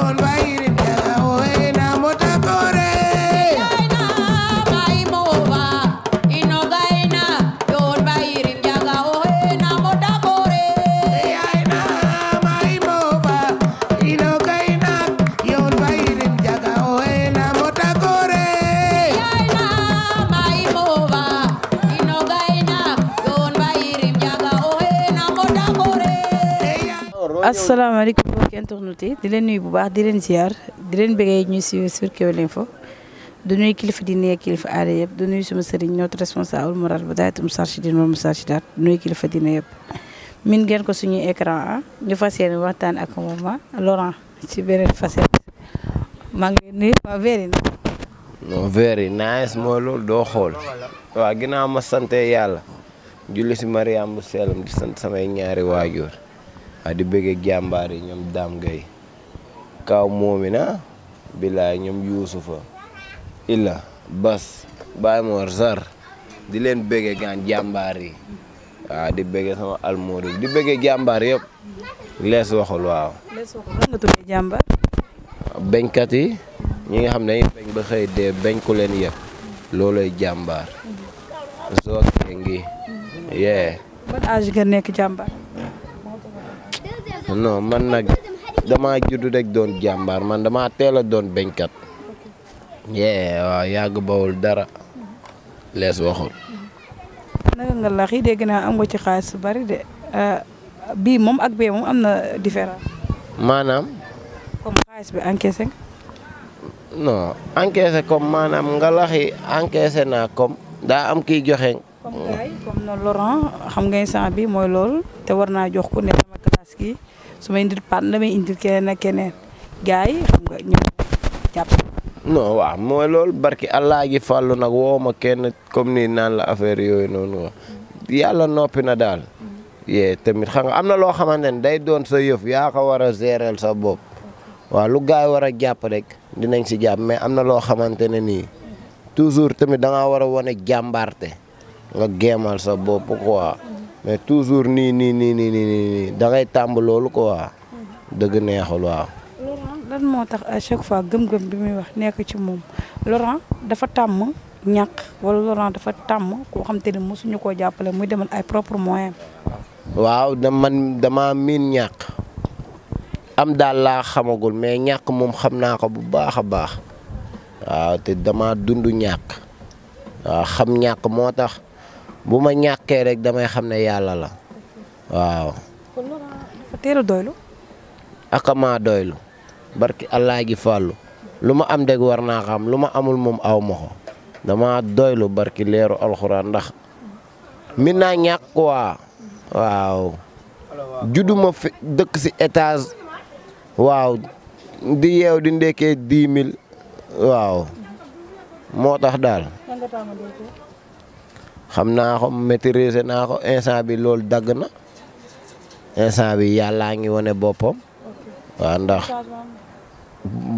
on waiting. asalaamaaleykum mbokki internautes yi di leen nuyu bu baax di leen ziar di leen bëggee ñuy suivre sur Kewel Info du nuyu kilifa di nekk kilifa aada yëpp du nuyu suma sëriñ notre responsable moral ba daaytum sarchidin wal musarchidaat du nuyu kilifa dina yëpp min ngeen ko suñuy écran a ah, ñu fas yéene waxtaan ak moom ah, Laurent ci beneen facette maa ngi nuyu mooy loolu doo xool waaw ginnaaw ma sante yàlla julli si Mariam bu sellam di sant samay ñaari waajur waaye di bëggee jàmbaar yi ñoom Dame Gueye Kaaw Moomina bilaay ñoom Yuusufa Illa Bas Baye Mor Sarr di leen bëggee gaan jàmbaar yi waaw di bëggee sama almoori di bëggee jàmbaar yëpp lees waxul waaw. lees yi ñi nga xam ne dañuy beñ ba xëy dee beñ yëpp looloy jàmbaar. soo mhm. ngi. Mhm. ban non man nag damaa judd rek doon jàmbaar man damaa teel a doon bañkat. yee waaw yàgg bawul dara lees waxul. naka nga lax yi dégg naa am nga ci xaalis bari de ah, bii moom ak bee moom am na différence. maanaam. comme xaalis bi encaissé nga. non encaissé maanaam nga lax yi encaissé naa comme daa am ki joxe. comme gars na Laurent xam nga instant bi mooy loolu te war naa jox ku ne sama classe gi su may indil paat damay indil keneen ak keneen gars yi xam mooy loolu barki allah ji fàllu nag woo ma kenn comme nii naan la affaire yooyu noonu yàlla noppi na daal. yee tamit xam nga am na loo xamante ne day doon sa yof yaa ko war a gérer sa bopp. waaw lu gaay war a jàpp rek dinañ si jàpp mais am na loo xamante ne nii toujours tamit da war a wane jàmbarte nga géemal sa bopp quoi. mais toujours nii nii nii nii nii da ngay tàmb loolu quoi. dëgg neexul waaw. Laurent lan moo tax à chaque fois gëm-gëm bi muy wax nekk ci moom Laurent dafa tàmm ñàkk wala Laurent dafa tàmm koo xam te ne mosuñu koo jàppale muy demal ay propre moyen waaw da man dama miin ñàkk am daal laa xamagul mais ñàkk moom xam naa ko bu baax a baax waaw te dama dund ñàkk waaw xam ñàkk moo tax. bu ma ñàkkee rek damay xam ne yàlla la waaw. kon loolu dafa teel akamaa doylu barki allah gi fàllu lu ma am dégg war naa xam lu ma amul moom aw ma ko dama doylu barki leeru alxuraan ndax min naa ñàkk waa waaw judduma fi dëkk si étage waaw di yeew di ndekkee dix mille waaw moo tax daal xam naa ko maîtriser naa ko instant bi loolu dagg na instant bi yàllaa ngi wane boppam waaw ndax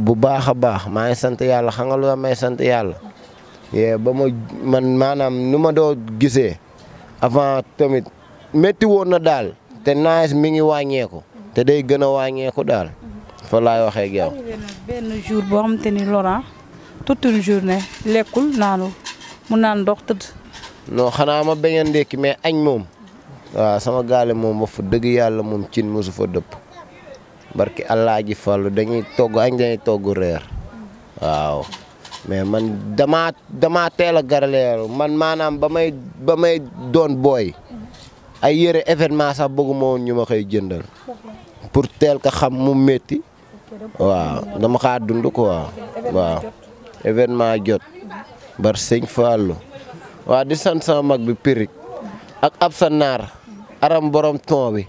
bu baax a baax maa ngi sant yàlla xam nga lu may sant yàlla yee ba ma man maanaam nu ma doo gisee avant tamit métti woon na daal te naaj mi ngi wàññeeku te day gën a wàññeeku daal mhm. fa lay waxee ak yow. benn jour ni Laurent toute une journée lekkul naanu mu naan ndox tëdd. non xanaa ma bañ a ndékki mais añ moom waaw sama gaale moom wax fa dëgg yàlla moom cin mosu fa dëpp barki allah ji fàllu dañuy togg añ dañuy togg reer waaw mais man dama damaa teel a garaleeru man maanaam ba may ba may doon booy ay yëre événement sax bëgguma woon ñu ma koy jëndal pour teel ka xam mu metti waaw dama xaa dund quoi waaw événement jot bar sëñ Fallou waa di sant sama mag bi pirik ak Absa Naar aram borom ton bi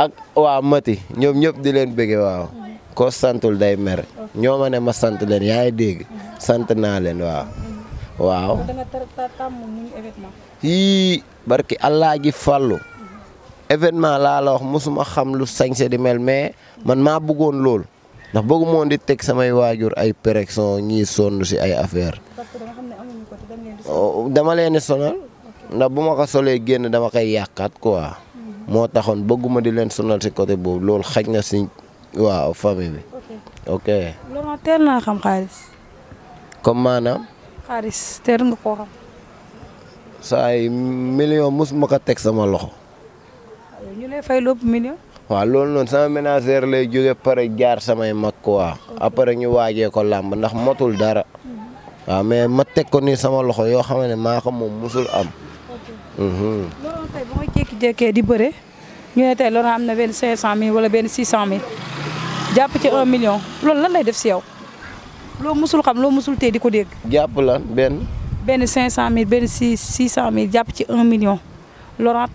ak waa Mati ñoom ñëpp di leen bëggee waaw ko santul day mer ñoo ma ne ma sant leen yaa ngi dégg sant naa leen waaw. waaw yii barki allah ji fàllu événement laa la wax mosuma xam lu sañse di mel mais man maa bëggoon lool ndax bëggu moon di teg samay waajur ay pérection ñii sonn si ay affaire Oh, dama leen sonal ndax bu ma ko solee génn dama koy yàqaat quoi moo taxoon bëgguma di leen sonal si côté boobu loolu xaj na si waaw famille bi. ok teel naa xam xaalis. comme maanaam. xaalis teel nga koo xam. saa yi million mos ma ko teg sama loxo. ñu lay fay loolu noonu sama ménagère lay jóge pare jaar samay mag quoi après ñu waajee ko làmb ndax motul dara. waaw mais ma teg ko nii sama loxo yoo xam ne maa ko moom musul am. Mhm. Laurent tey di bëre ñu ne tey Laurent am na benn 500000 wala benn 600000 jàpp ci 1 million loolu lan lay def si loo musul xam loo musul tey di ko dégg. jàpp lan benn. benn 500000 benn 6 600000 jàpp ci 1 million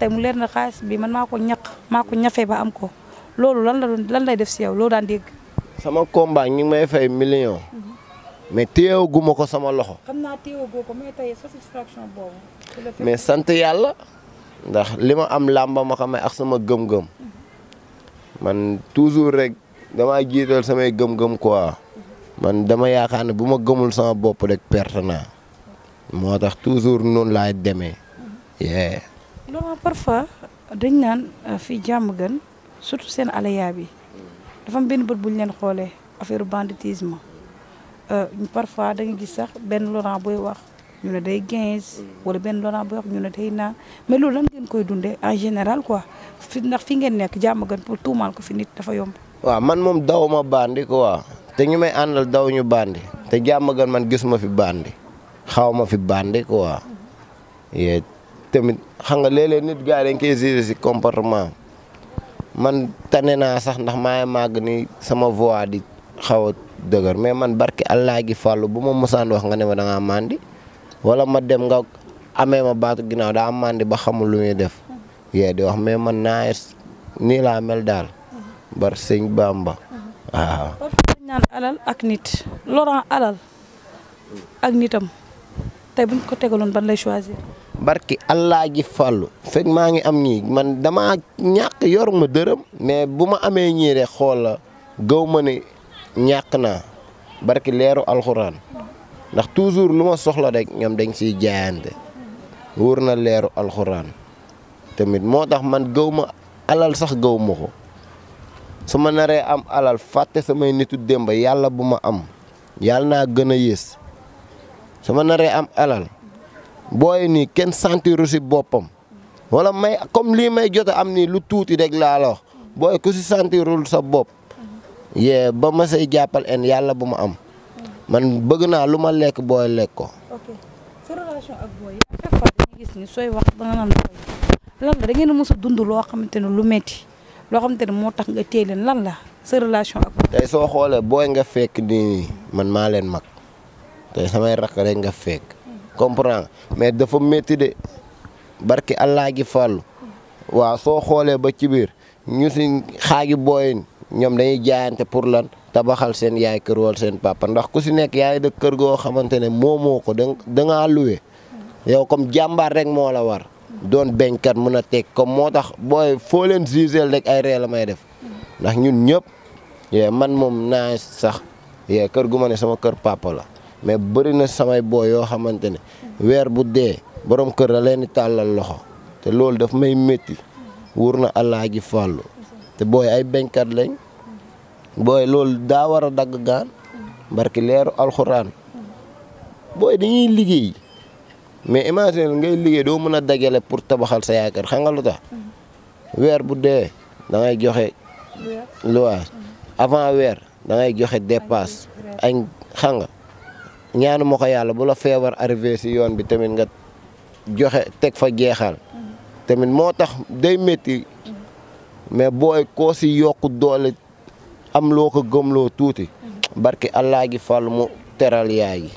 mu leer na xaalis bi man maa ko ñaq maa ko ñafe ba am ko loolu lan la lan lay def si yow loo daan dégg. sama combat ñi ngi may fay million. Mhm. mais téyewaguma ko sama loxo. xam naa mais tey sant yàlla ndax li ma am làmba ma xamee ak sama gëm-gëm man toujours rek damaa jiital samay gëm-gëm quoi man dama yaakaar ne bu ma gëmul sama bopp rek perte naa moo tax toujours noonu laay demee. Laurent parfois dañ naan euh, fii jàmm gën surtout seen alaya bi dafa am benn bët bu ñu leen xoolee affaire banditisme. Euh, parfois da gis sax benn Laurent booy wax ñu ne day quinze wala benn Laurent booy wax ñu ne day naan mais loolu ngeen koy dundee en général quoi fi ndax fi ngeen nekk jàmm gën pour tuumaal ko fi nit dafa yomb. waaw man moom daw ma bandi quoi te ñu may àndal daw ñu bandi te jàmm man gis ma fi bandi xaw ma fi bandi quoi et tamit xam nga léeg-léeg nit gars dañ koy si comportement man tane naa sax ndax maa ngi màgg ni sama voix di xaw a dëgër mais man barki allah gi fàllu bu ma mosaan wax nga ne ma da ngaa màndi wala ma dem nga amee ma baatu ginnaaw daa màndi ba xamul lu muy def yee di wax mais man naa nii laa mel daal bar sëñ ak nit Laurent alal ak nitam tey barki allah ji fàllu fekk maa ngi am ñii man dama ñàkk yor ma dërëm mais bu ma amee ñii rek xool la ma ne ñàkk naa barki leeru alxuraan ndax toujours lu ma soxla rek ñoom dañ siy jaayante wóor na leeru alxuraan tamit moo tax man gëw ma alal sax gëw ma ko su ma naree am alal fàtte samay nitu démb yàlla bu ma am yàlla naa gën a yées su ma naree am alal booy nii kenn sentiru si boppam walla may comme lii may jot am nii lu tuuti rek laa la wax booy ku si sentirul sa bopp yee ba ma jàppal en yàlla bu ma am man bëgg naa lu ma lekk booy lekk ko. ok sa ak booy yi mës a dund loo xamante ne lu metti loo xamante ne moo tax nga téye la sa soo xoolee booy nga fekk nii man maa leen mag tey samay rakk rek nga fekk. comprend mais dafa métti de barki allah gi fàllu mm. waaw soo xoolee ba ci biir ñu si xaagi booyin ñoom dañuy jaayante pour lan tabaxal seen yaay kër wala seen papa ndax ku si nekk yaay dëkk kër goo xamante ne moo ko da da ngaa loué yow comme jàmbaar rek moo la war doon beñkat mun a teg comme moo tax booy foo leen jugeel rek ay ree la may def ndax ñun ñëpp man moom naa sax kër gu ma ne sama kër papa la mais bëri na samay booy yoo xamante ne weer bu dee borom kër la leen di tàllal loxo te loolu daf may métti wur na allah ji fàllu te booy ay bañkat lañ booy loolu daa war a dagg gaan barki leeru alxuraan booy dañuy liggéey mais imagine ngay liggéey doo mën a dajale pour tabaxal sa yaakaar xam nga lu tax weer bu dee da joxe luwaas avant weer da joxe dépasse añ xam nga ñaanu ma ko yàlla bu la feebar arrivé si yoon bi tamit nga joxe teg fa jeexal tamit moo tax day métti mais booy koo si yokku doole am loo ko gëmloo tuuti mhm. barki allah gi fal mu teral yaay gi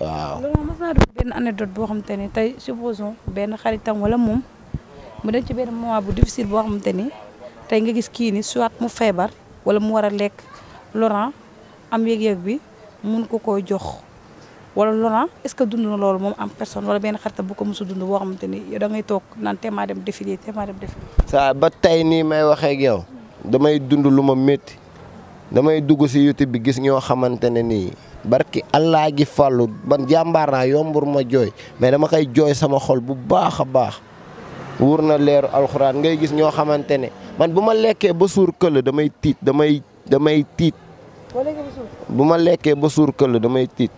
waaw. loolu mos naa def benn anecdote boo xamante ne tey supposons benn xaritam wala moom mu dem ci benn moment bu difficile boo xamante ni tey nga gis kii ni soit mu feebar wala mu war a lekk Laurent am yëg-yëg bi mun ko koy jox. wala Laurent est-ce que dund na loolu moom am personne wala benn xaritam bu ko mos a dund boo xamante ni yow da ngay toog naan teemaa dem défilé teemaa dem défilé. saa ba tey nii may waxee ak yow damay dund lu ma métti damay dugg si YouTube bi gis ñoo xamante ne nii barki allah gi fallu man jàmbaar naa yombur ma jooy mais dama koy jooy sama xol bu baax a baax. wóor na leeru alxuraan ngay gis ñoo xamante ne man bu ma lekkee ba suur këll damay tiit damay damay tiit. bu ma lekkee ba suur këll damay tiit.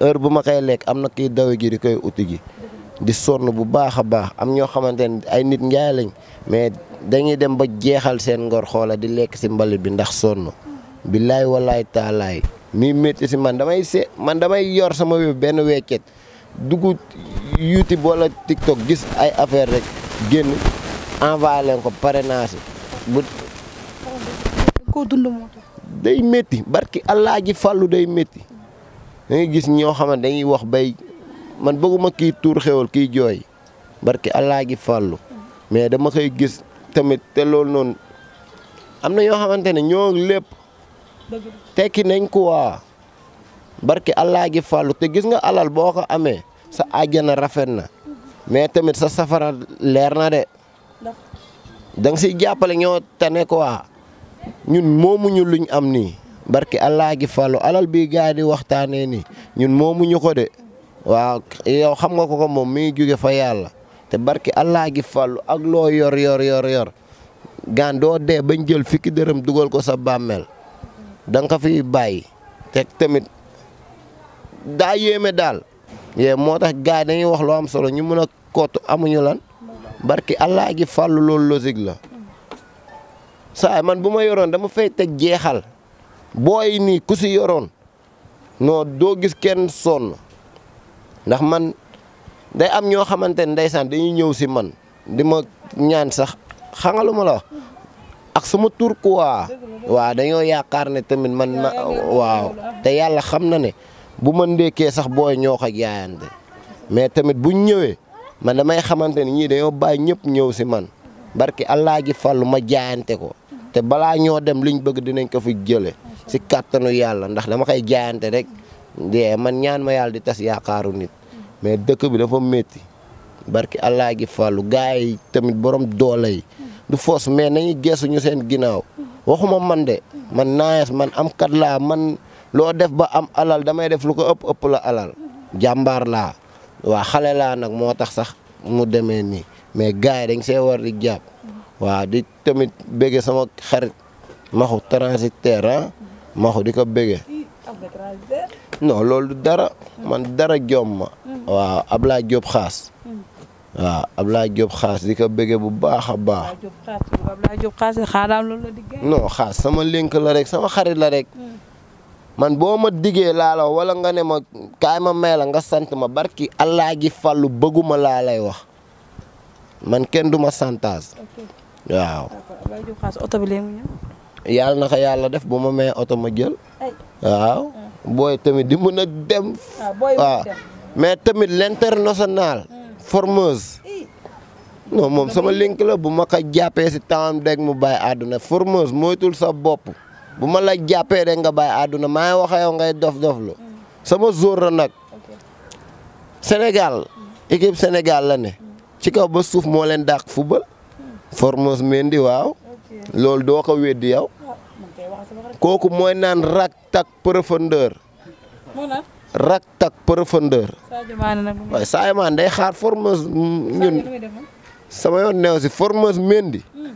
heure bu ma koy lekk am na kiy dawe gi di koy uti ji di sonn bu baax a baax am ñoo xamante ne ay nit njaay lañ mais dañuy dem ba jeexal seen ngor xoola di lekk si mbalit bi ndax sonn billaay walaay taalaay mi métti si man damay se man damay yor sama benn weccet dugg YouTube wala TikTok gis ay affaire rek génn envoyé ko pare naa ko dund moo day métti barki allah ji fàllu day métti da ngay gis ñoo xam ne dañuy wax bay man bëgguma kii tuur xewal kii jooy barki allah gi fàllu mais dama koy gis tamit te loolu noonu am na ñoo xamante ne ñoo lépp tekki nañ ko waa barki allah fàllu te gis nga alal boo ko amee sa àjjana rafet na mais tamit sa safara leer na de da si siy jàppale ñoo tane ko waa ñun moomuñu luñ am nii barki allah gi falu alal bi gars waxtaanee ni ñun moomuñu ko de waaw xam nga ko ko moom mi ngi jóge fa yàlla te barki allah gi falu ak loo yor yor yor yor gaan doo dee bañ jël fikki dërëm dugal ko sa bàmmeel da nga ko fiy bàyyi te tamit daa yéeme daal. yee moo tax gars yi dañuy wax lu am solo ñu mën a kootu amuñu lan barki allah agi falu loolu logique la saa man bu ma yoroon dama fay te jeexal. booy nii ku si yoroon non doo gis kenn sonn ndax man day am ñoo xamante ne ndeysaan dañuy ñëw si man di ma ñaan sax xangalu ma la ak sama tur waa waaw dañoo yaakaar ne tamit man ma waaw te yàlla xam na ne bu ma ndékkee sax booy ñoo ko jaayante mais tamit buñ ñëwee man damay xamante ne ñii dañoo bàyyi ñëpp ñëw si man barki allah ji fàllu ma jaayante ko te balaa ñoo dem liñ bëgg dinañ ko fu jële si kàttanu yàlla ndax dama kay jaayante rek dee man ñaan ma yàlla di tas yaakaaru nit mais dëkk bi dafa métti barki allah gi fàllu gars yi tamit borom doole yi du foos mais nañu geesu ñu seen ginnaaw waxuma man de man naayes man am kat laa man loo def ba am alal damay def lu ko ëpp ëpp la alal jàmbaar laa waa xale laa nag moo tax sax mu demee nii mais gars yi dañ see war di jàpp waaw di tamit bége sama xarit maxu transitaire ah. maxu di ko bége non loolu dara man dara joom ma waaw Ablaye Diop xaas waaw laa Diop xaas di ko bége bu baax a baax non xaas sama link la rek sama xarit la rek man boo ma diggee laa la wala nga ne ma kaay ma may la nga sant ma barki allah gi fàllu bëgguma laa lay wax man kenn du ma santaas waaw. oto bi yàlla na ko yàlla def bu ma may oto ma jël. waaw mm. booy tamit di mën a dem. Ah, waaw mais tamit l'international. Mm. formeuse. moom sama link la bu ma ko jàppee si temps deg mu bàyyi àdduna formeuse moytul sa bopp bu ma la jàppee rek nga bàyyi àdduna maa ngi wax ngay dof-dof la mm. sama jour la nag Sénégal équipe Sénégal la ne ci kaw ba suuf moo leen dàq football. formos mendi waaw loolu doo ko weddi yow ah, kooku mooy naan rak tak profondeur rak tak profondeur waaye Sadio day xaar formos ñun sama yoon neew si formos mendi hmm.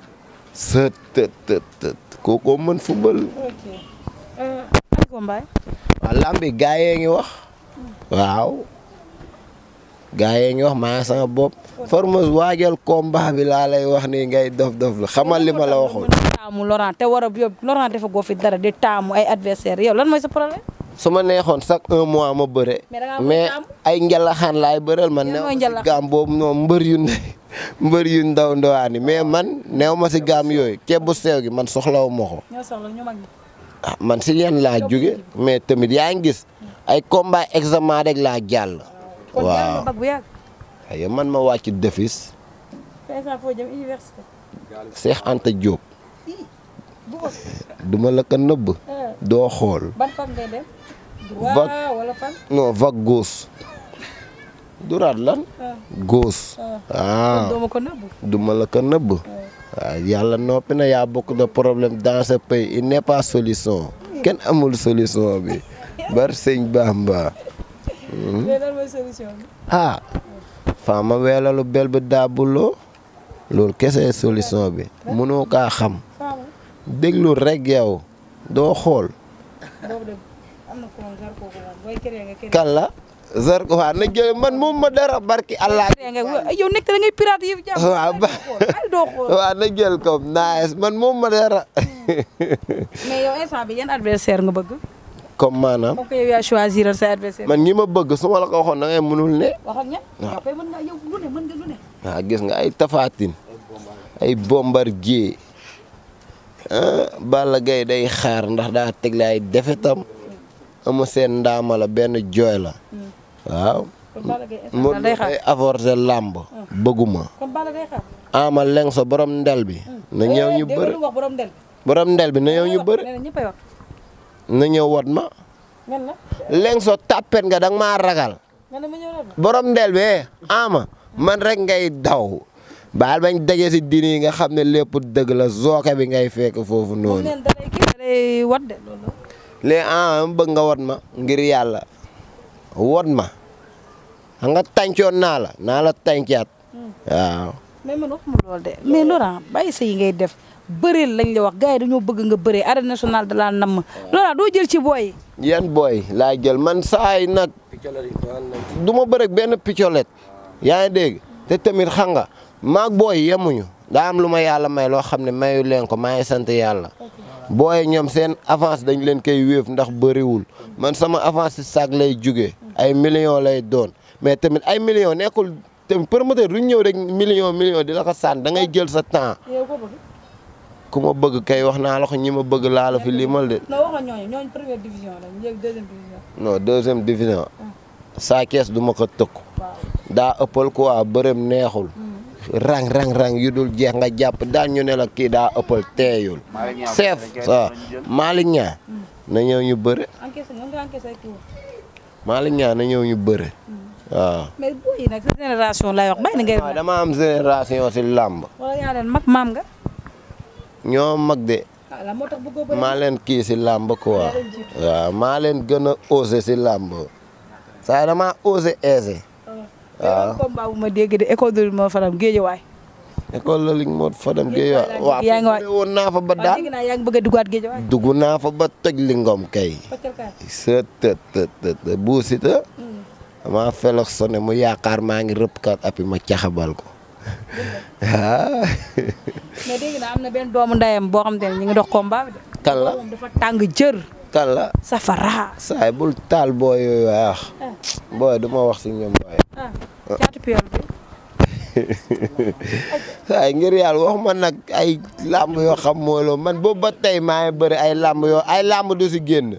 sa tët tët tët kookoo euh, ngi wax hmm. waaw gaa yi ngi wax maa sama bopp Formose waajal combat bi laa lay wax ni ngay dof dof la xamal li ma la waxoon. taamu Laurent war a yow Laurent dafa fi dara di taamu ay adversaire yow lan mooy sa problème. su ma neexoon sax un mois ma bëre. mais ay njalaxaan laay bëral man. neew ma si gaam boobu mbër yu mbër yu ndaw ndawaan yi mais man neew ma si gaam yooyu ceeb bu sew gi man soxlawu ma soxla ñu mag ah man si yenn la jóge mais tamit yaa ngis gis ay combat examen rek laa jàll. waaw jaar man ma wàcc defis. Fesa foo jëm université. Cheikh Anta Diop. duma la ko nëbb. Eh. doo xool. ban fac ngay dem. duraat lan. Ah. gauche. ah, ah. duma la ko nëbb. waaw ah. yàlla noppi na yaa bokk de problème dans ce il n'est pas solution. kenn amul solution bi. bar sëñ Bamba. mais lan mooy solution bi. Ah, bel bi daabuloo loolu kese solution bi mënoo kaa xam déglu rek yow doo xool. kan la Zarko na jël man moom ma dara barki Allah. yow nekk da ngay pirate yi waaw ba waaw na jël comme naaj man moom ma dara. Hmm. mais yow instant bi yan adversaire nga bëgg. comme maanaam. kooku yow man ñi ma bëgg suma ma la ko waxoon da ngay mënul ne. waaw kay nga gis nga ay tafaatin ay bombardier ah, Balla Gaye day xaar ndax daa tegle ay defetam ama seen ndaama benn jooy la hmm. waaw. kon day xaar avorté làmb hmm. bëgguma. ama leng sa borom ndel bi. Hmm. na ñëw ñu eh, bëri na ñëw wat ma. léegi soo nga danga maa ragal. borom ndel bee ama man rek ngay daw. baal bañ dajee si dini nga xam ne lépp dëgg la zooke bi ngay fekk foofu noonu. léegi ah ma ngir yàlla wat ma xam nga tàncoon naa la naa la tàncaat hmm. waaw. mais man waxuma loolu de mais Laurent bàyyi yi def bëri lañ la wax gars yi bëgg nga bëree arène nationale de la namm loola doo jël ci booy yan booy laa jël man saay nag. du ma bëreeg benn piccolet. yaa ngi dégg te tamit xam nga maag booy yemuñu daa am lu ma yàlla may loo xam ne may leen ko maa ngi sant yàlla. booy ñoom seen avance dañ leen koy wéef ndax bëriwul man sama avance si saag lay jugee ay millions lay doon mais tamit ay millions nekkul tamit promoteur du ñëw rek million million di la ko sànn da ngay jël sa temps. ku ma bëgg kay wax naa la ko ñi ma bëgg laa la fi limal de. non waxoon division la ah. kees du ma ko tëkk. daa ëppal quoi bërëm neexul. Hmm. rang rang rang yu dul jeex nga jàpp daal ñu ne la kii daa ëppal teeyul. chef waaw Malick hmm. na ñëw ñu bëre. encaissé nga na ñëw ñu bëre. Hmm. waaw dama am génération si làmb. ñoo mag de. Ah, maa leen kii si làmb quoi maa leen gën a osé si làmb saa dama osé aisé ah, waaw combat bu ma dégg de école de moo faram géejawaay la liñ moo faram géejawaay waaw woon naa fa ba yaa ngi bëgg a dugg naa fa ba toj li ngom kay sa të të të buusita dama felox sone mu yakaar maa ngi rëpp kat api ma caxabal ko ah. na benn doomu ndeyam boo xam te ne ñu ngi dox combat bi. kan la dafa tàng ah. Ah. wax. booy wax ah. ngir yàlla wax ma nag ay làmb yoo xam mooloo man boobu ba tey maa ay làmb yoo ay làmb du si génn.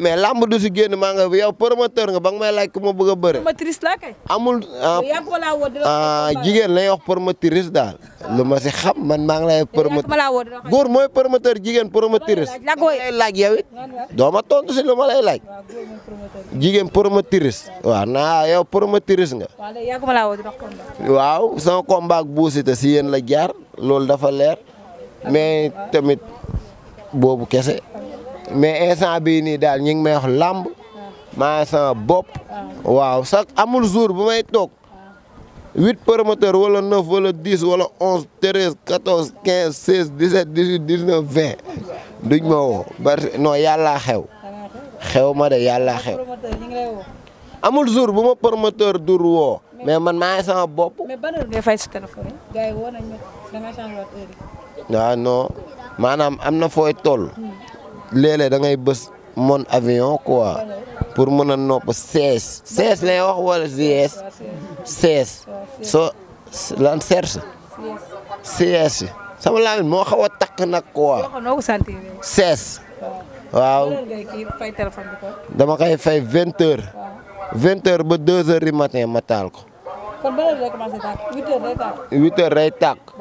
mais làmb du si génn maa nga yow promoteur nga ba nga may laaj ku ma a bëre. promotrice laa amul ah, ah, jigéen lay wax promotrice daal. lu ma si xam man maa ngi lay. promoteur góor mooy promoteur jigéen promotrice. lay laaj yow it doo ma tontu si lu ma lay laaj. jigéen promotrice. waaw naa yow promotrice nga. waaw sama combat ak buusite si yéen la jaar loolu dafa leer mais tamit boobu kese. mais instant bii nii daal ñu ngi may wax làmb maa sama bopp ah. waaw sax amul jour bu may toog ah. huit promoteur wala neuf wala dix wala onze treize quatorze quinze seize dix sept dix huit dix neuf vingt duñ ma woo parce que yàllaa xew xew ma de yàllaa xew amul jour bu ma promoteur dur woo mais man maa sama bopp. mais ban heure waaw ah, non maanaam am na fooy toll. Hmm. léeg-léeg da ngay bës mon avion quoi pour mën a nopp sees sees lay wax walla gs sees soo lan serse sees sama laamin moo xaw a takk nag quoi sees waaw dama koy fay vingt heures ba deux heures du matin ma taal ko kon ray lay tàkk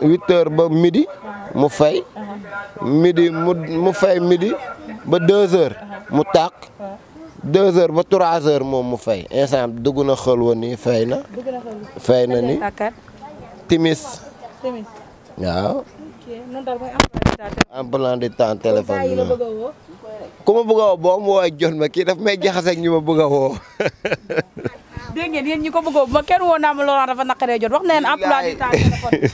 huit heures ba midi mu fay midi mu mu midi ba deux heures mu tàq deux heures ba trois heures moom mu fay instant dugg na xël wa nii fay na fay na ni timis waaw emploi du temps téléphone bi ku ma bëgg a woo boo ma woo jot ma kii daf may jaxase ak ñu bëgg a woo dégg ngeen ko bëggoo ba kenn woo naa Laurent dafa naqaree jot wax na leen emploi du temps téléphone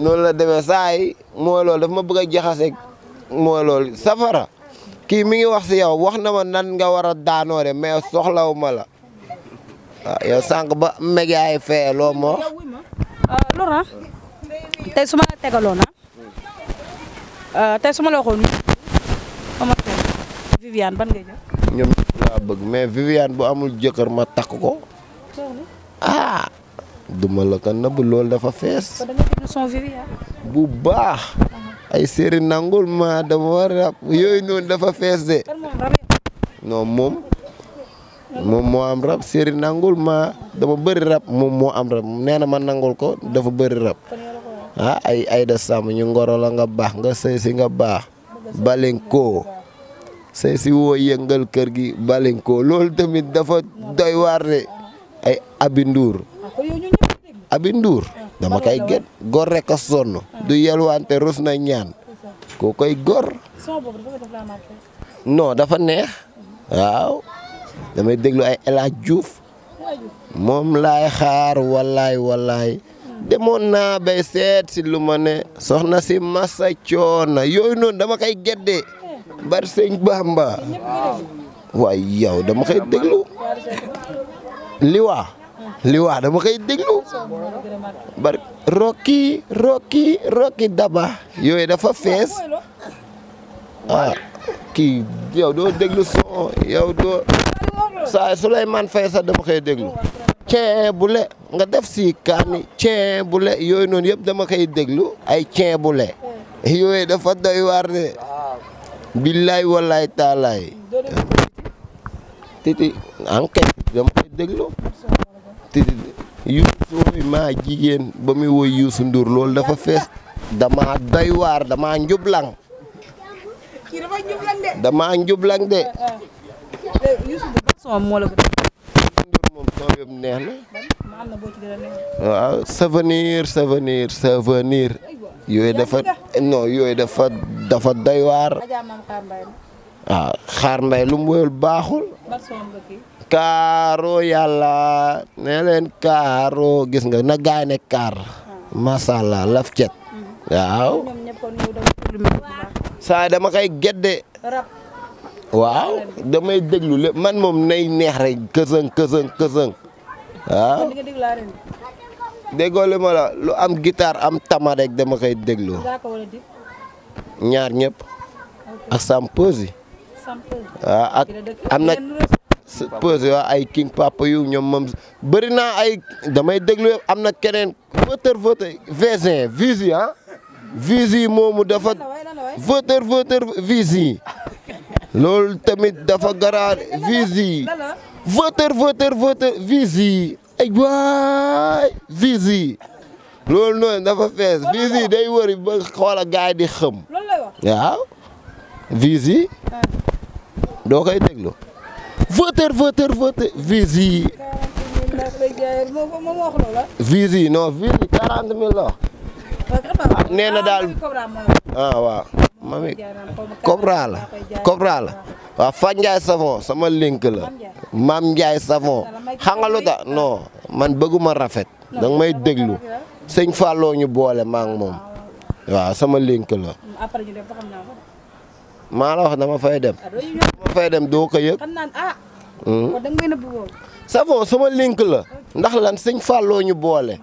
noonu la demee saa mooy loolu dafa ma bëgg a jaxase mooy loolu safara kii mi ngi wax si yow wax na ma nan nga war a daanoo de mais soxlaw ma la waaw ah, yow sànq ba médias yi fee loo euh, Laurent tey su ma la tegaloon ah euh, tey su ma la Viviane ban ngay jël. laa bëgg mais Viviane bu amul jëkkër ma takk ko. ah. duma la ko nëbb lool dafa fees. bu baax. ay séeri nangul ma dama war rab yooyu dafa fees de. non moo am rab séeri ma nangul ko dafa bari rab. ah ay Aïda Samb ñu ngoro nga baax nga sëy si nga baax. balen say si woo yëngal kër gi balinkoo loolu tamit dafa doy waar ne ay abi nduur abi nduur dama koy gét gor rek a sonn du yelwaante rus na ñaan koo koy gor non dafa neex waaw damay déglu ay El juuf moom laay xaar wallaay wallaay demoon naa bay seet si lu ma ne soxna si masa coona yooyu noonu dama koy géddee bar sëñ Bamba waaye yow dama koy déglu liwaa liwaa dama koy déglu bar Rocky Rocky Rocky Daba yooyu dafa fees ah kii yow doo déglu son yow doo saa Souleymane Faye sax dama koy déglu ceen bule nga def si kaani ceen bule yooyu noonu yëpp dama koy déglu ay ceen bule yooyu dafa doy waar billaay wallaay taalaay. titi enquête dama koy déglu. titi Youssou maa jigéen ba mu woy Youssou Ndour loolu dafa fees dama doy waar dama njublang. dama njublang de. moom son yëpp neex na. waaw souvenir souvenir souvenir yooyu dafa. non yooyu dafa dafa doy waar. waaw xaar mbay ah, lu mu baaxul. kaaro yàlla nee leen gis nga na gaane ne kaar. Ah. macha allah laf cet. Mm-hmm. waaw. saa dama koy gedde. waaw damay déglu lépp man moom nay neex rek kësëng kësëng kësëng waaw. déggoo li ma lu am guitare am tama rek dama koy déglu ñaar ñëpp ak sam pause yi ah, ak am na pause ay king papa yu ñoom moom bëri naa ay damay déglu am na keneen voteur voteur voisin visi ah visi moomu dafa voteur voteur visi loolu tamit dafa garar visi voteur voteur voteur visi ay waay vise yi loolu noonu dafa fees vise yi day wëri ba xoola gaay di xëm waaw vise yi doo koy déglu voteur voteur voteur vise yi vise yi la ah, nee daal ah waaw mami Cobra la Cobra waa waaw Fat Savon sama link la Maam Ndiaye Savon xam nga lu man bëgguma rafet danga may déglu sëñ Fallou ñu boole maa moom ah. waaw sama link la mm, maa wax dama fay dem ah, dama fay dem doo ko yëg ah. hmm? Savon sama link la ndax lan sëñ Fallou ñu boole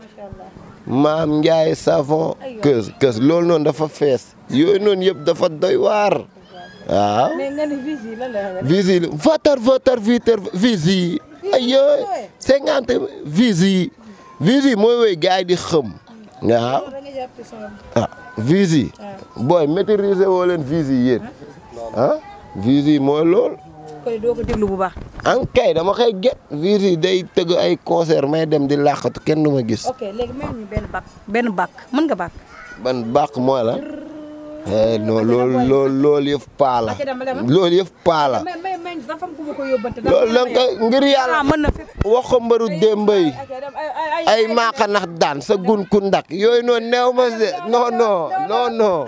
maam Ndiaye savon kës kës loolu noonu dafa fees yooyu noonu yëpp dafa doy waar waaw. mais nga ni visi lan la. visi voteur voteur viteur visi mooy woy gars yi di xëm waaw ah visi ah. booy maîtriser woo leen visi yéen ah, ah visi mooy lool. koy doo déglu bu baax. an ah, kay dama koy get viir day tëgg ay concert may dem di làqatu kenn du ma gis. benn bàq benn bàq mën nga bàq. ban bàq mooy la. Eh, non loolu loolu loolu yëpp paa la loolu yëpp paa ngir yàlla ah, wax mbaru démb ay maaka daan sa gun ku ndak yooyu noonu neew ma non non non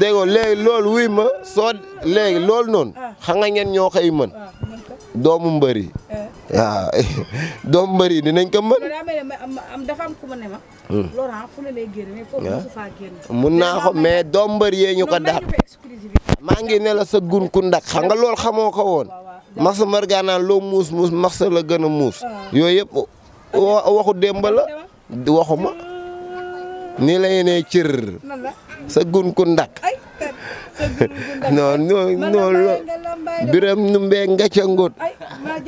dégg nga léegi loolu wuy ma soo léegi loolu noonu ah. xam nga ngeen ñoo xëy mën ah, doomu mbër yi waaw eh. ah, doomu mbër yi nañ ko mën. mun naa ko mais doomu mbër yee ñu ko dàq maa ngi ne la sa gun ku ndax xam nga loolu xamoo ko woon max marganaan loo muus muus max la gën a muus yooyu yëpp waxu démb la waxuma nii lay ne cër sa gun ku ndak non non non biram nu mbee nga ca ngut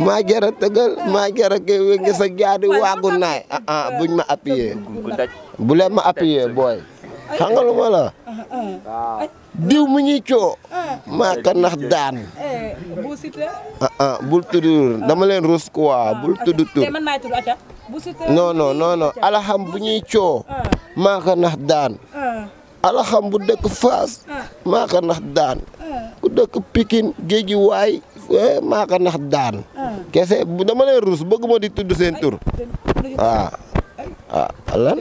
maa jara tëgal ah. maa jara ke we sa jaadi waagu naay ah, ah ah buñ ma appuyé bu leen ma appuyé booy xam nga diw mu ñuy coo maa ko nax daan ah ah bul tudd dama leen rus bul tudd tur non non alaxam bu ñuy coo maa ah. ko daan alaxam bu dëkk Faas maa ko nax daan ah. ah. ku dëkk Pikine géej gi waay eh, maa ko daan kese dama leen rus bëgg ma di tudd seen tur waaw waaw lan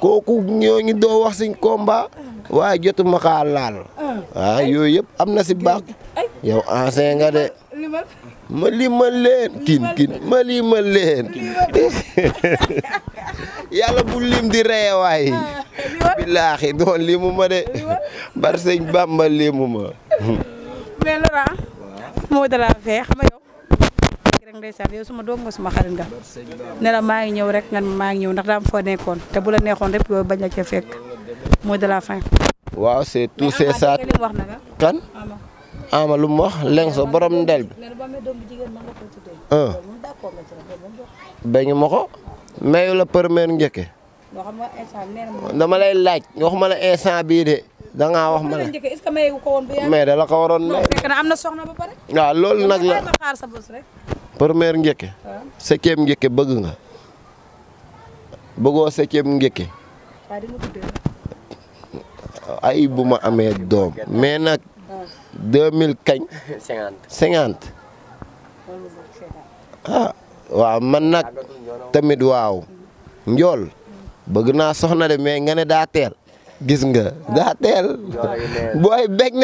kooku ñooñu doo wax suñ combat waaye jotuma xaar laal waaw yooyu yëpp am na si baax yow ancien nga de ma limal leen kin kin ma limal leen yàlla bu lim di reewaay bilaaxi doon limu de bar sëñ Bàmba ma mais moo dara fee rek ndeysaan yow suma doom nga suma xarit nga ne maa ngi ñëw rek nga maa ngi ñëw ndax daam foo nekkoon te bu la neexoon rek ba bañ la fekk mooy de la fin waaw c'est tout c'est ça kan ama lu mu wax la laaj wax ma la instant bii de da wax ma la mais loolu nag la. première njëkke ah. septième njëkke bëgg nga bëggoo septième njëkke ay bu ma amee doom mais nag ah. deux mille kañ cinquante ah waaw man nag tamit waaw njool bëgg naa soxna de mais nga ne daa teel gis nga daa teel booy bég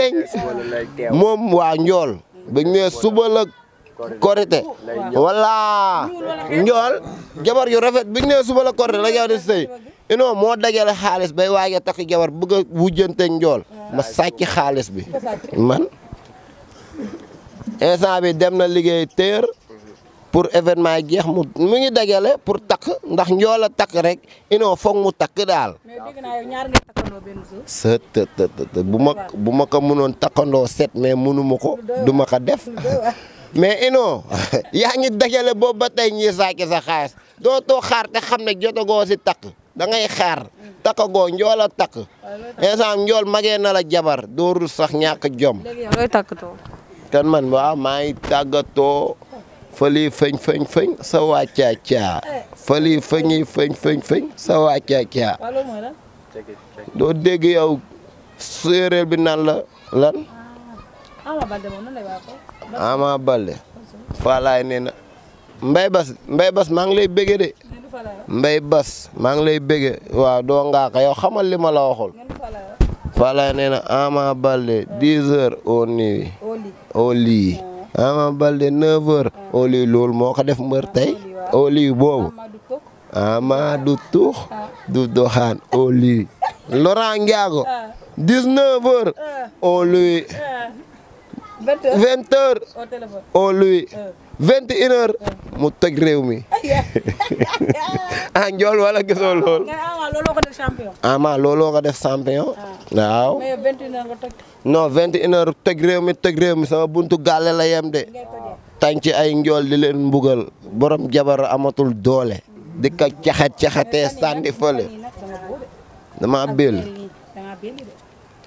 moom waa njool bañ ne suba korite walla njool jabar yu rafet bi ñu nee suba la korite la yow di sëy ino moo dajale xaalis bay waaje takk jabar bëgg a wujjanteeg njool ma sàcc xaalis bi man instant bi dem na liggéey téer pour événement yi jeex mu mu ngi dajale pour takk ndax njool a takk rek ino foog mu takk daal sët bu ma bu ma ko mënoon takkandoo set mais mënu ma ko du ma ko def mais ino yaa ngi dajale boobu ba tey ñi saaki sa xaalis doo too xaar te xam ne jotagoo si takk da xaar takkagoo njool a takk instant njool magee na la jabar dóorul sax ñàkk jom kon man waaw maa ngi tàggatoo fëli fëñ fëñ fëñ sa waa caa caa fëli fëñ fëñ sa waa caa doo dégg yow séeréer bi nan la lan ah, bal Baldé Falaay nee na Mbaye Bass Mbaye Bass lay bëggee de Mbaye Bass maa ngi lay bëggee waa doo ngaaka yow xamal li ma la Falaay nee na Ama Baldé 10 heures au nuit au lit Ama moo ko def mbër tey au boobu ama du tuux du doxaan au lit Laurent Ndiago 19 heures au vingt heures vingt heures. Oh, euh. vingt une heures euh. mu toj réew mi. ah njool wala gisoo ah, lool. ah def champion. ah maa looloo ko def champion. Ah. waaw mais vingt une heures nga toj. mi toj réew mi sama buntu gàlle la yem de. tànc ay njool di leen mbugal borom jabar amatul doole. di ko caxat caxatee sànni fële. damaa bëll.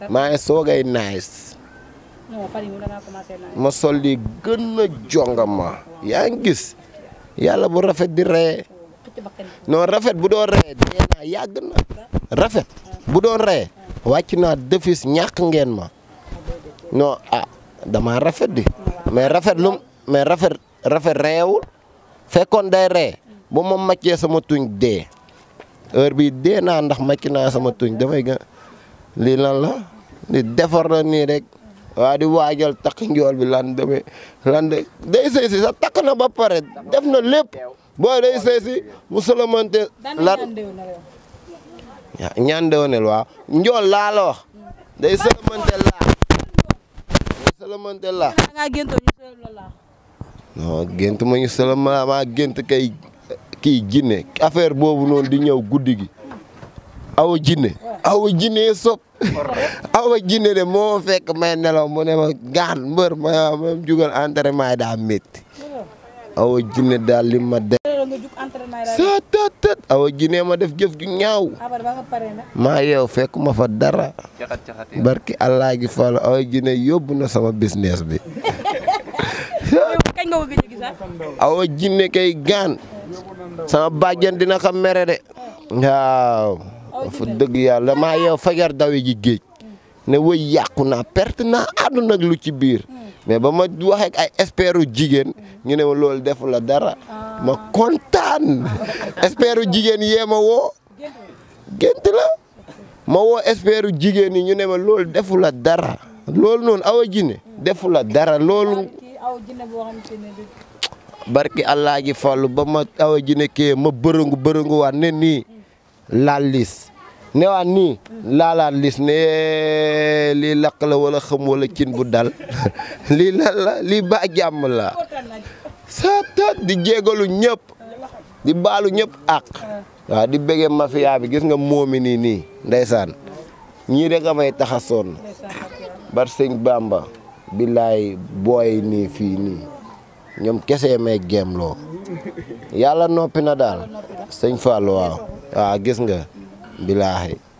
maa ngi soogay nice. ma sol li gën a jongama yaa ngi gis yàlla bu rafet di reye noo rafet bu doon reye dee naa yàgg na rafet bu doon reye wàcc naa defis ñàkk ngeen ma non ah dama rafet di mais rafet lum mais rafet rafet reewul fekkoon day ree bu ma màccee sama tuñ dee heure bi dee naa ndax màcc naa sama tuñ damay gën lii lan la li defar nii rek waa di waajal takk njool bi lan demee lan day sëy si takk na ba pare def na lépp boo day sëy si mu solomante lan ñaan déwénel njool laa la wax day solomante laa day solomante laa non gént ma ñu soloma maa gént kay kii jinne affaire boobu noonu di ñëw guddi gi aw jinne awa jinne sob awa jinne de moo fekk may nelaw mu ne ma gaan mbër ma ma jugal entraînement yi daa métti awa jinne daal li ma def sa tat ma def jëf ju ñaaw ah, maa yow fekk ma fa dara barki allah gi fal awa jinne yóbbu na sama business bi ah? awa jinne kay gaan sama bàjjen dina xam mere de waaw fu dëgg yàlla maa yow fajar dawe ji géej ne wëy yàqu naa perte naa àdduna ak lu ci biir hmm. mais ba ma waxee ay espéru jigéen ñu ne ma loolu defu dara ah. ma kontaan espéru jigéen yee ma woo gént la ma woo espéru jigéen yi ñu ne ma lool defu la dara loolu noonu awa jine defu dara loolu barki allah ji fàllu ba ma awa jine kii ma bërëngu bërëngu waat ne nii laal liis newaan nii laalaat liis ne lii laq la wala xam wala cin bu dal lii lan la lii ba jàmm la satat di jégalu ñëpp di baalu ñëpp ak waaw di bëggee mafia bi gis nga moomi nii nii ndeysaan ñii rek amay taxa sonn bar sëñ Bamba billaay booy nii fii nii ñoom kese may géemloo yàlla noppi na daal sëñ Fall waaw ah gis nga bilaahi